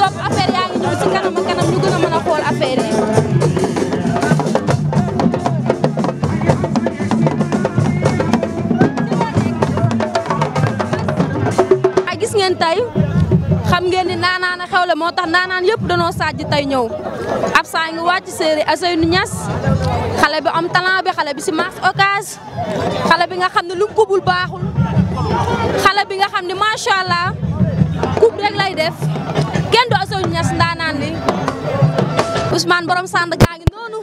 topp gis ngeen tey xam ngeen ni naanaan a xewle moo tax naanaan yépp danoo sajj tey ñëw ab saa ngi wàcc séeri Aseynu Ñas xale bi am talent bi xale bi si marché Ocass xale bi nga xam ne lu mu kubul baaxul xale bi nga xam ne macha allah kub rek lay def. kenn du Assou Niass ndaanaan li Ousmane borom sànd gaa ngi noonu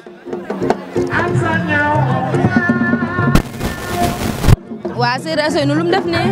waa Seydou nu lu mu nii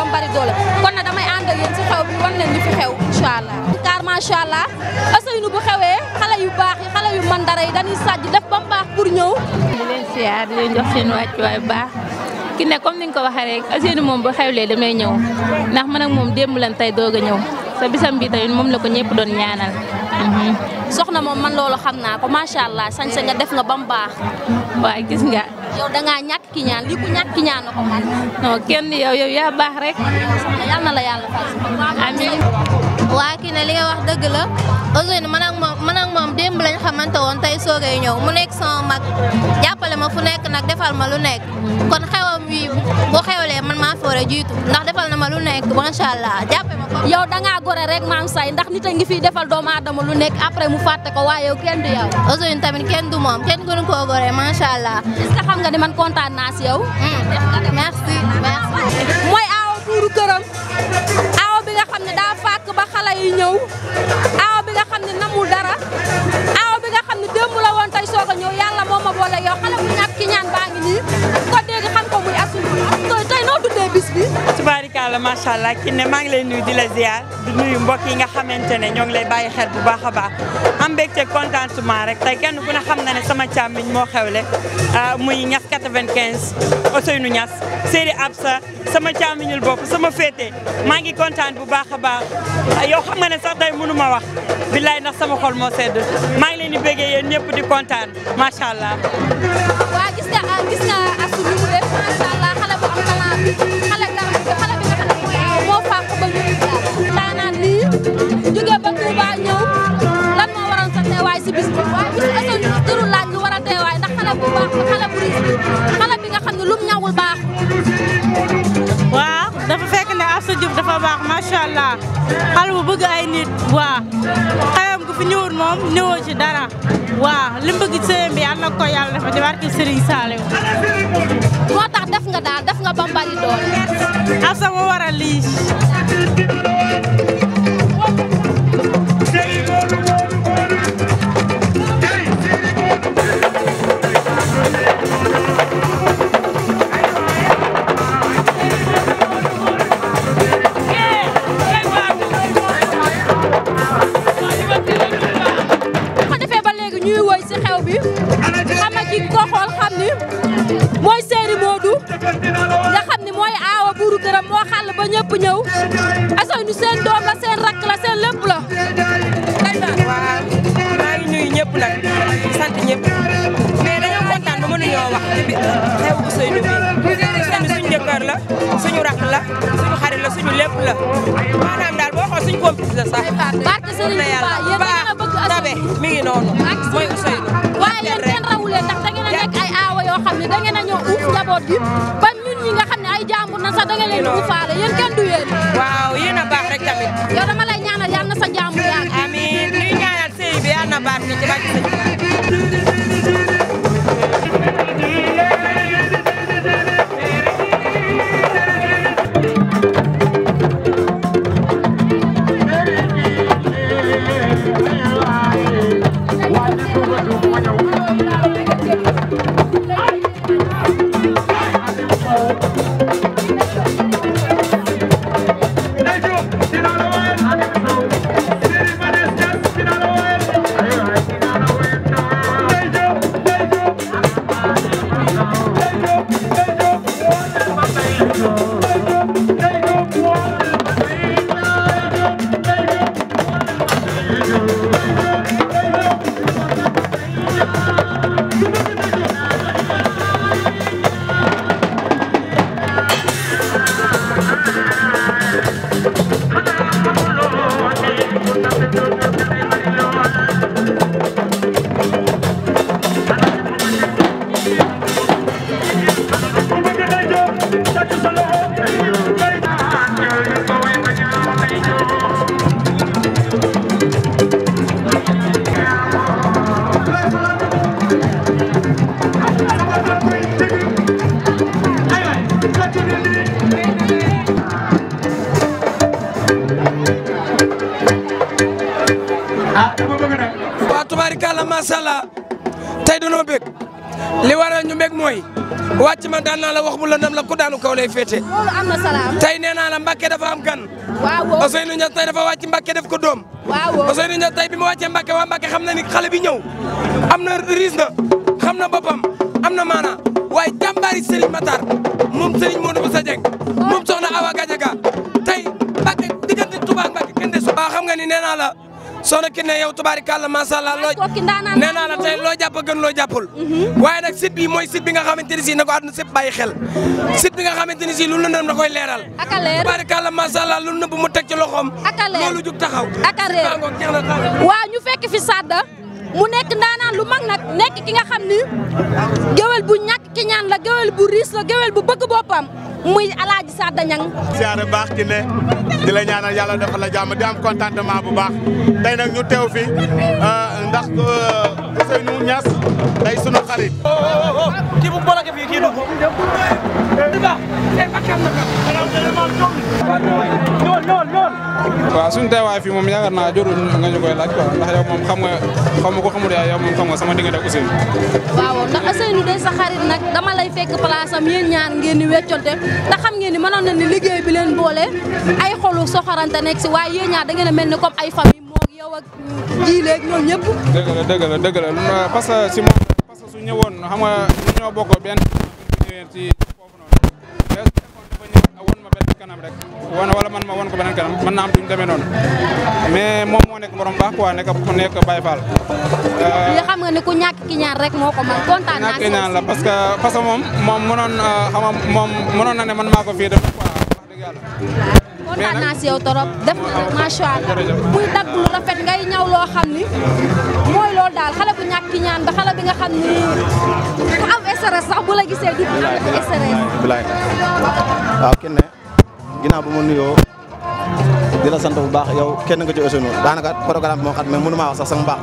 ba mu bari doole kon na damay ànd ak ci xew bi wan leen li fi xew incha allah. car macha allah Ousseynou bu xewee xale yu baax yi xale yu man dara yi dañuy sàjj def ba baax pour ñëw. di leen siyaar di leen jox seen wàccuwaay bu baax ki ne comme ni nga ko waxee rek Ousseynou moom bu xewlee damay ñëw ndax man ak moom démb lan tey doog a ñëw sa bisam bi tamit moom la ko ñëpp doon ñaanal. soxna moom man loolu xam naa ko macha allah sañ sa nga def nga ba mu baax. waaw gis nga. yow da li ku ñàkk ki ñaan na ko man. non kenn yow yow yaa rek. yal la yàlla fal. waa kii ne li nga wax dëgg la Ousseynou man ak moom man ak moom démb lañ xamante woon tey soogay ñëw mu nekk sama mag jàppale ma fu nekk nag defal ma lu nekk kon xewam wi bu xewlee man maa fi war a jiitu ndax defal na ma lu nekk macha allah jàppale ma ko. yow da ngaa gore rek maam say ndax nit a ngi fiy defal doomu aadama lu nekk après mu fàtte ko waaye yow kenn du yow. Ousseynou tamit kenn du moom kenn gënu koo xam nga ni man kontaan naa si yow. Mm. merci merci. mooy aaw buuru këram aaw bi nga xam ne daa fàkk ba xale yi ñëw aaw bi nga xam ne namul dara aaw bi nga xam ne la woon boole yow xale bu ñàkk ki ñaan baa ngi nii ko dégg xam ko muy Astou Ndour tey noo dundee bis bi. tubaarikàlla macha allah ki ne maa ngi lay nuyu di la ziar di nuyu mbokk yi nga xamante ne ñoo ngi lay bàyyi xel bu baax a baax am mbégte contentement rek tey kenn ku ne xam na ne sama càmmiñ moo xewle ah, muy ñas 95 Ousseynou Niass Seri Absa sama càmmiñul bopp sama féete maa ngi kontaan bu baax a baax ah, yow xam nga ne sax tey mënu ma wax billaay ndax sama xol moo sedd maa ngi leen di ñëpp di kontaan macha allah. gis gis nga asu li def macha allah bu am talent xale nga xale bi nga xam ne mooy moo fàq ba ñu daanaan lii jóge ba Touba ñëw lan moo waral teewaay si bis bi waaye bis asu jërul laaj lu war bu baax xale bu riis xale bi nga xam ne ñawul baax waaw dafa fekk ne Astou Diouf dafa baax macha allah bu bëgg ay nit waa fi ñëwoon moom ñëwoo ci dara waaw li mu bëgg sëyam bi yàlla na ko yàlla dafa di barke Serigne Saliou moo tax nga daal def nga ba mbali doon. ak waral lii. xale bi xew Ousseynou bi Ousseynou suñu jëkkër la suñu rakk la suñu xarit la suñu lépp la maanaam daal boo xool suñu complice la sax. barke Serigne Touba baax tabe mi ngi noonu mooy Ousseynou. waaye yéen kenn a yoo xam ne da ngeen a na sax da ngeen leen di uufaale yéen kenn du bi yàlla na baax ci ma daan naa la wax bu lëndam la ku daanu kaw lay féete. loolu am na salaam. tey nee naa la Mbacke dafa am gan. waaw Ousseynou Ndiaye tey dafa wàcc Mbacke def ko doom. waaw Ousseynou Ndiaye tey bi mu wàccee Mbacke waa Mbacke xam na ni xale bi ñëw am na riis na xam na boppam am na maana waaye jàmbaari Serigne Matar moom Serigne Modou Moussa Dieng moom soxna Awa Gadiaga tey Mbacke diggante Touba Mbacke kenn de su. waaw xam nga ni nee la. soxna Kiné yow tubaarikàlla macha allah loo nee loo jàpp gën loo jàppul mm-hmm. waaye nag site bi mooy site bi nga xamante ni si na ko àdduna sëpp bàyyi xel site bi nga xamante ni si lu lëndëm da koy leeral tubaarikàlla macha allah lu nëbb mu teg ci loxoom loolu jug taxaw waaw ñu fekk fi Sadda mu nekk ndaanaan lu mag nag nekk ki nga xam ni géwél bu ñàkk ki ñaan la géwél bu riis la géwél bu bëgg boppam muy alaaji Sada Niang siyaare baax ki ne di la ñaanal yàlla defal la jàmm di am contentement bu baax tey nag ñu teew fi ndax Ousseynou Niass day sunu xarit kii bu bolo ke fii kii dugg baax tey bakkan na ko lool waaw suñu teewaay fii moom yaakaar naa jorul nga ñu koy laaj quoi ndax yow moom xam nga xam nga ko xamul yaay xam nga sama diggante ak waaw ndax Ousseynou day sa xarit nag dama lay fekk place am ñaar ngeen ni wecconte te xam ngeen ni mënoon ni liggéey bi leen boole ay xolu soxorante nekk si waaye yéen ñaar da ngeen a mel ni comme ay famille moo yow ak ji ñëpp dëgg la dëgg que si moom parce que su ñëwoon xam nga ñoo bokk benn demee noonu mais moom moo nekk borom baax quoi nekk ku nekk Baye Fall. Euh, nga ne ku ñàkk ki ñaan rek moo ko parce que parce que moom moom mënoon euh, xam man kontaan naa yow torop def na macha allah buy dagg lu rafet ngay ñaw xam ni mooy loolu daal xale bu ñàkk ki ñaan ba xale bi nga xam ni ku am stress sax bu la gisee du am stress. waaw kenn ne ginnaaw bu ma nuyoo. dina la sant bu baax yow kenn nga ci Ousseynou daanaka programme bi moo xam mais mënu maa wax sax sama mbaax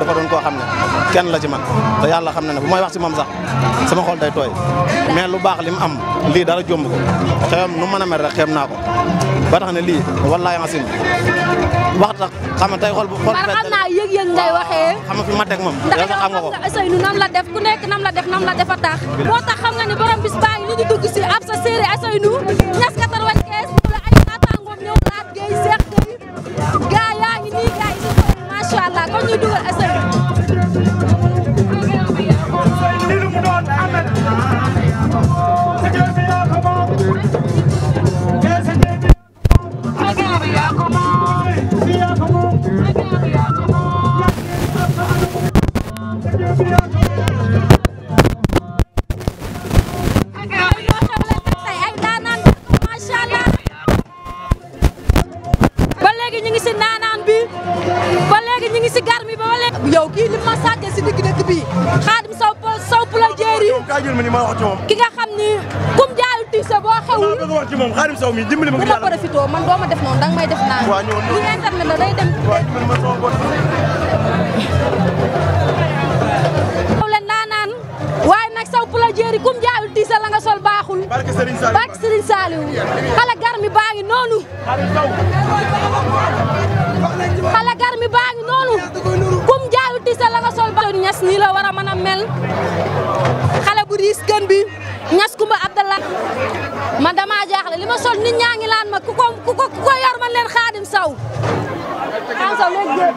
dafa doon koo xam ne kenn la ci man te yàlla xam na ne bu may wax si moom sax sama xol day tooy mais lu baax li mu am lii dara a ko xewam nu mën a mel rek xeem naa ko ba tax ne lii wallaahi asin wax tax xam nga tey xol bu xol xam naa yëg-yëg ngay waxee xam ma teg moom ndax xam nga Ousseynou nam la def ku nekk nam la def nam la defa tax moo tax xam nga ne borom bis baa ngi li si ab sa séeréer léegi ñu ngi si naanaan bi ba léegi ñu ngi si gar mi ba léegi. yow kii li ma sàggee si digg dëkk bi xaadim saw saw ki nga xam ni kum jaayu tiise boo xewul. waaw wax ci moom xaadim saw mi dimbali man doo def noonu danga may def naan. waaw ñooñu internet la day dem. jéeri kum jaayul tiisa la sol baaxul barke Serigne Saliou xala gar mi noonu xala gar mi noonu kum jaayul tiisa la sol baaxul ñas nii la war a mën a mel xale bu gën bi ñas kumba Abdallah man dama jaaxle li ma sol nit ñaa ngi ma ku ko ku xaadim saw am saw léegi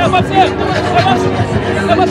Yavaş yavaş. Yavaş. Yavaş.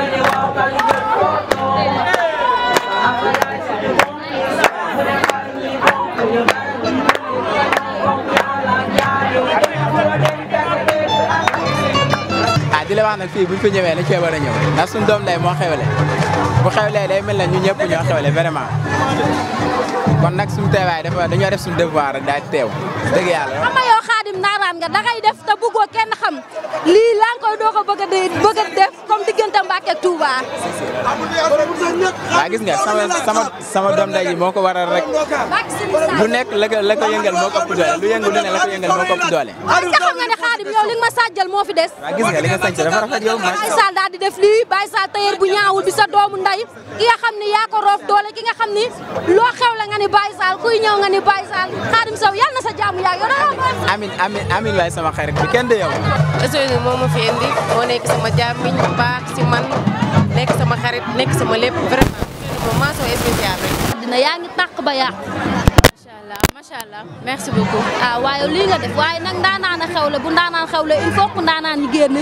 baax nag fii bu fi ñëwee dañ fee war a ñëw ndax suñ doom lay moo xewle bu xewlee day mel ne ñu ñëpp ñoo xewle vraiment kon nag suñu teewaay dafa dañoo def suñu devoir rek teew dëgg yàlla xam nga yow xaadim naaraan nga dangay def te bëggoo kenn xam lii laa ko bëgg a bëgg a def comme diggante Mbàkke ak Touba waa gis nga sama sama day moo ko waral rek lu nekk la ko yëngal moo ko ëpp doole lu yëngu lu la ko yëngal moo ko ëpp doole Xaadim yow li ma sàjjal moo fi des. waaw gis nga def lii Baye Sall tailleur bu ñaawul bi sa doomu nday ki nga xam ni yaa ko roof doole ki nga xam ni loo xew la nga ni Baye Sall kuy ñëw nga ni Baye Sall Xaadim Sow yàlla na sa jaamu yaa yow amin amin amin sama xarit bi kenn de yow. Ousseynou ma fi indi moo nekk sama jàmmiñ baax si man nekk sama xarit nekk sama lépp vraiment. moom maa soo spécial rek. yaa ngi tàq ba yàq macha allah merci beaucoup ah waaye lii nga def waaye nag ndaanaan a xewle bu ndaanaan xewle il faut que ndaanaan yi génn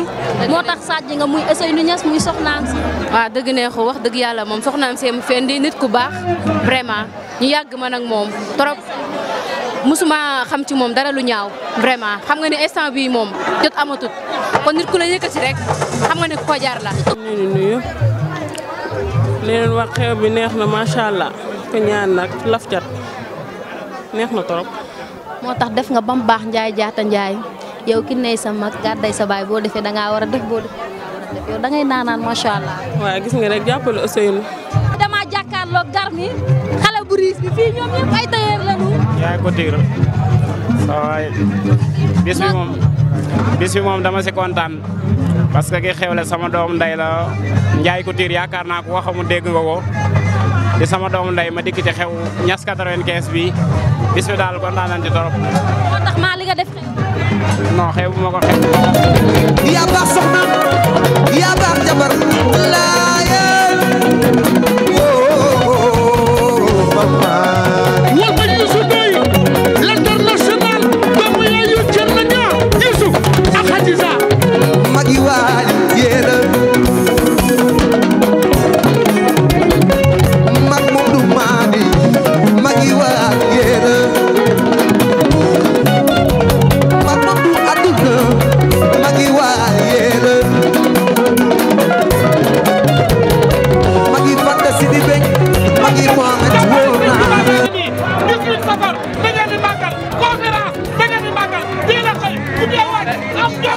moo tax sàjj nga muy essay nu ñes muy soxnaam si ah, dëgg neexu wax dëgg yàlla moom soxnaam see mu fen nit ku baax vraiment ñu yàgg ma nag moom trop musuma xam ci moom dara lu ñaaw vraiment xam nga ni instant bi moom jot amatut kon nit ku la yëkkati rek xam nga ne ko la. ñu wax xew bi neex na macha allah ko ñaan nag laf cat neex na torop moo tax def nga ba mu baax njaay jaata njaay yow ki ney sa mag gàdday sa baay boo defee da ngaa war a def boo defee yow da ngay naanaan macha allah. waaye gis nga rek jàppale Ousseynou. dama jàkkaarloog garmi xale bu bi fii ñoom ñëpp ay tailleur lañu. yaa ko tigre moom dama si kontaan parce que ki xewle sama doom nday la Ndiaye Couture yaakaar naa ko waxamu dégg nga ko di sama doom nday ma dikk ci xew ñas 95 bi bis bi daal kon naan nañ ci torop moo tax maa li nga def xew non xew bu ma ko xew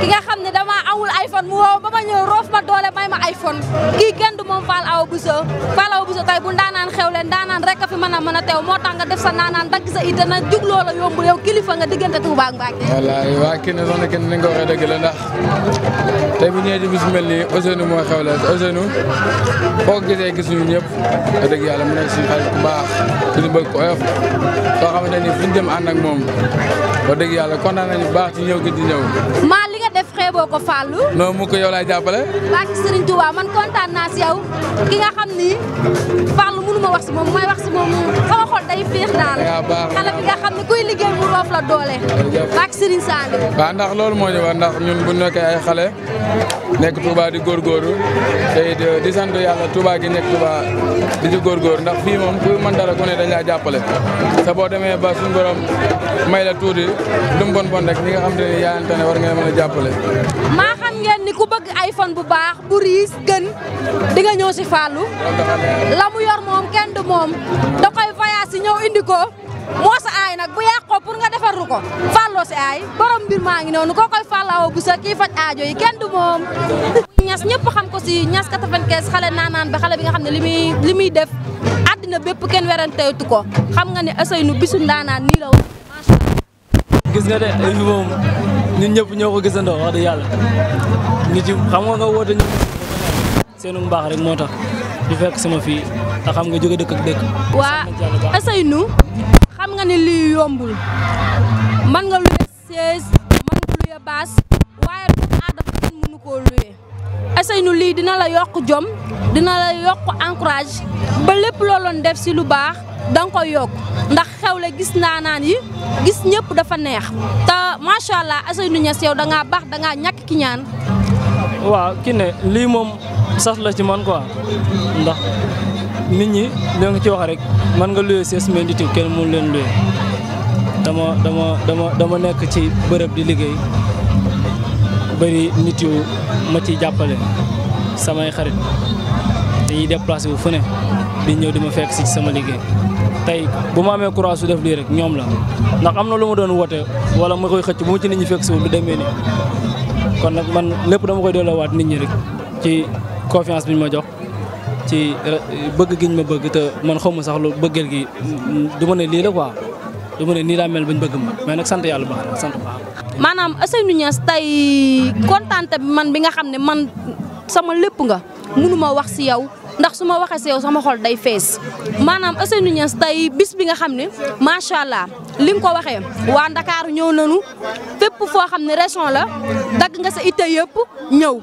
ki nga xam ne dama amul iPhone mu woo ba ma ñëw roof ma doole may ma iPhone kii kenn du moom Fall Awa Bousso Fall Awa Bousso tey bu ndaanaan xew ndaanaan rek a fi mën a mën moo tax nga def sa ndaanaan dagg sa itte na jug loola yomb kilifa nga diggante Touba ak Mbacké wallaay waa kii ne sax na kenn ni nga ko waxee dëgg la ndax tey bu ñëwee ci bis mel nii Ousseynou moo xew la Ousseynou boo gisee gisuñu ñëpp wax dëgg yàlla mu nekk suñu xarit bu baax suñu moom wax dëgg yàlla kontaan baax ci ñëw jàppoo ko Fallou. noo mu ko yow laay jàppale. barke Serigne man kontaan naa si ki nga xam ni Fallou mënu ma wax moom mooy wax si moom sama xol day féex daal. xale bi nga xam ne kuy liggéey mu roof la doole. barke Serigne Saliou. waaw ndax loolu moo ñu war ndax ñun bu nekkee ay xale nekk Touba di góorgóorlu te it euh, di sant yàlla Touba gi nekk Touba di ci góorgóorlu ndax fii moom ku mën dara ku ne dañ laa jàppale te boo demee ba suñu borom may la tuuti lu mu bon bon nga xam ne yaayante war nga mën a jàppale. maa xam ngeen ni ku bëgg iPhone bu baax bu riis gën di nga ñëw si Fallou la mu yor moom kenn du moom da koy voyage si ñëw indi ko moo aay nag bu yàqoo pour nga defaru ko fàlloo aay borom mbir maa ngi noonu koo koy fàllaawo bu sa kii faj aajo yi kenn du moom ñas ñëpp xam ko si ñas 95 xale naanaan ba xale bi nga xam ne li muy li muy def àddina bépp kenn weranteetu ko xam nga ne Ousseynou bisu ndaanaan nii la wax gis nga de moom ñun ñëpp ñoo ko gisandoo wax dëgg yàlla ngi ci xam nga nga woote ñu seenu mbaax rek moo tax ñu fekk sama fii te xam nga jóge dëkk ak dëkk waa Ousseynou xam nga ni lii yombul man nga luye seize man nga luye baas waaye doomu aadama kenn mënu koo luye Ousseynou lii dina la yokk jom dina la yokk encourage ba lépp loo doon def si lu baax danga koy yokk ndax xewle gis naanaan yi gis ñëpp dafa neex te macha allah Ousseynou Niass danga da ngaa baax ñàkk ki ñaan. waaw ki ne lii moom sax la ci man quoi ndax nit ñi ñoo ngi ci wax rek man nga luye ses mais nit yi kenn mënu leen luye dama dama dama dama nekk ci bërëb di liggéey. bëri nit yu ma ciy jàppale samay xarit dañuy déplacé wu fu ne di ñëw di ma fekk si ci sama liggéey tey bu mu amee courage su def lii rek ñoom la ndax am na lu ma doon woote wala ma koy xëcc bu ma ci nit ñi fekk si lu demee nii kon nag man lépp dama koy delloowaat nit ñi rek ci confiance bi ñu ma jox ci euh, bëgg gi ñu ma bëgg te man xaw ma sax lu bëggeel gi du ma ne lii la quoi. du ma ne nii laa mel bañ bëgg ma mais nag sant yàlla baax na sant baax maanaam Ousseynou Niass tey kontaante bi man bi nga xam ne man sama lépp nga mënuma wax si yow ndax su ma waxee si yow sama xol day fees maanaam Ousseynou Niass tey bis bi nga xam ne macha allah li nga ko waxee waa Ndakaaru ñëw nañu fépp foo xam ne région la dagg nga sa itte yëpp ñëw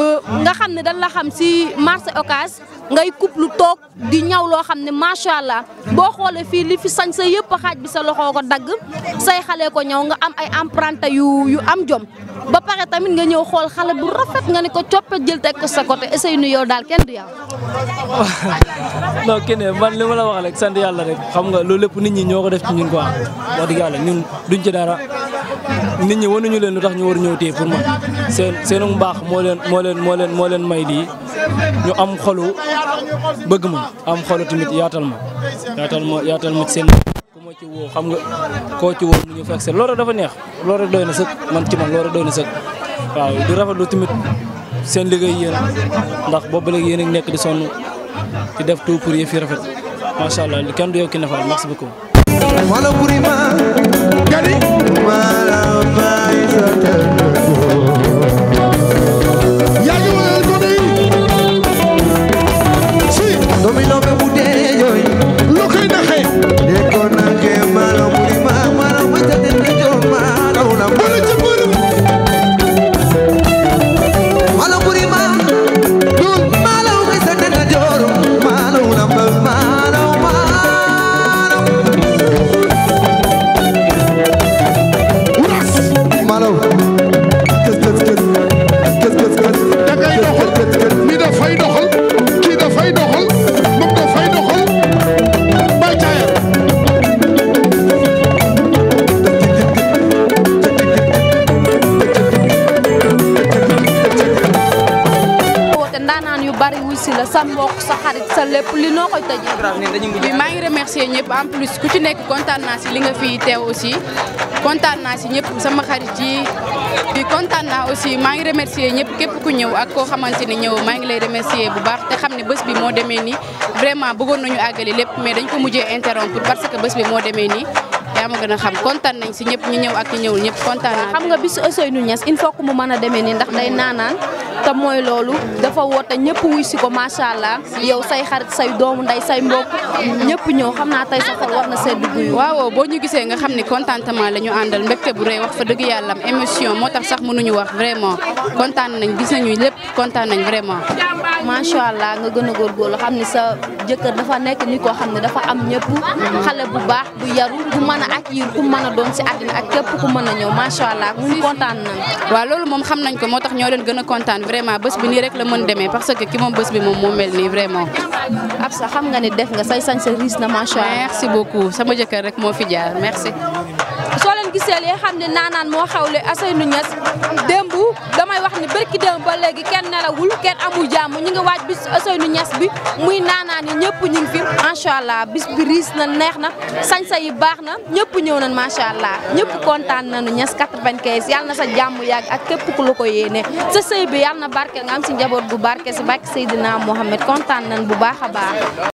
euh, nga xam ne dañ la xam si marché Ocass ngay lu toog di ñaw loo xam ne macha allah boo xoolee fii li fi sañ sa yëpp xaaj bi sa loxoo ko dagg say xale ko ñaw nga am ay emprunté yu yu am jom ba pare tamit nga ñëw xool xale bu rafet nga ne ko coppe jël teg ko sa côté essay nu yow daal kenn du yow. non kenn man li ma la wax rek yàlla rek xam nga loolu lépp nit ñi ñoo ko def ci ñun quoi wax dëgg yàlla ñun duñ ci dara. nit ñi wanuñu leen lu tax ñu war ñëw tey pour man seen seenu mbaax moo leen moo leen moo leen moo leen may lii ñu am xolu bëgg ma am xolu tamit yaatal ma yaatal ma ma ci seen ku ma ci woo xam nga koo ci woo mu ñu fekk seen loolu dafa neex loolu doy na sëkk man ci man loolu doy na sëkk waaw di rafetlu tamit seen liggéey yéen ndax boobu léegi yéen nekk di sonn di def tout pour yëf fi rafet macha allah kenn du yow ki nafal merci beaucoup. nekk kontaan naa li nga fi teew aussi kontaan naa si ñëpp sama xarit yi bi kontaan naa aussi maa ngi remercier ñëpp képp ku ñëw ak koo xamante ni ñëw maa ngi lay remercier bu baax te xam ne bés bi moo demee nii vraiment bëggoon nañu àggali lépp mais dañ ko mujjee interrompre parce que bés bi moo demee nii yaa ma gën a xam kontaan nañ si ñëpp ñu ñëw ak ñu ñëwul ñëpp kontaan naa xam nga bisu Ousseynou Niass il faut que mu mën a demee nii ndax day naanaan te mooy loolu dafa woote ñëpp wuy si ko macha allah yow say xarit say doomu nday say mbokk ñëpp ñëw xam naa tey sa xol war na sedd guy waaw boo ñu gisee nga xam ni contentement la ñu àndal mbégte bu rëy wax fa dëgg yàlla am émotion moo tax sax mënuñu wax vraiment kontaan nañ gis nañu lépp kontaan nañ vraiment macha allah nga gën a góorgóorlu xam ni sa jëkkër dafa nekk ni koo xam ne dafa am ñëpp mm-hmm. xale bu baax bu yaru bu mën a accueillir ku mën a doon si àddina ak képp ku mën a ñëw macha allah muy kontaan na waa loolu moom xam nañ ko moo tax ñoo leen gën a kontaan vraiment bés bi nii rek la mën demee parce que ki moom bés bi moom moo mel nii vraiment Absa xam nga ni def nga say sañ sa riis na macha allah merci beaucoup sama jëkkër rek moo fi jaar merci gisee li xam ne naanaan moo xewle Ousseynou Niass démb damay wax ni bërki démb ba léegi kenn nelawul kenn amul jàmm ñu ngi waaj bis Ousseynou Niass bi muy naanaan yi ñëpp ñu fi macha allah bis bi riis na neex na sañsa yi baax na ñëpp ñëw nañ macha allah ñëpp kontaan nañu Niass 95 yàlla na sa jàmm yàgg ak képp ku la ko yéene sa sëy bi yàlla na barke nga am si njaboot bu barke si barke Seydina Mohamed kontaan nañ bu baax a baax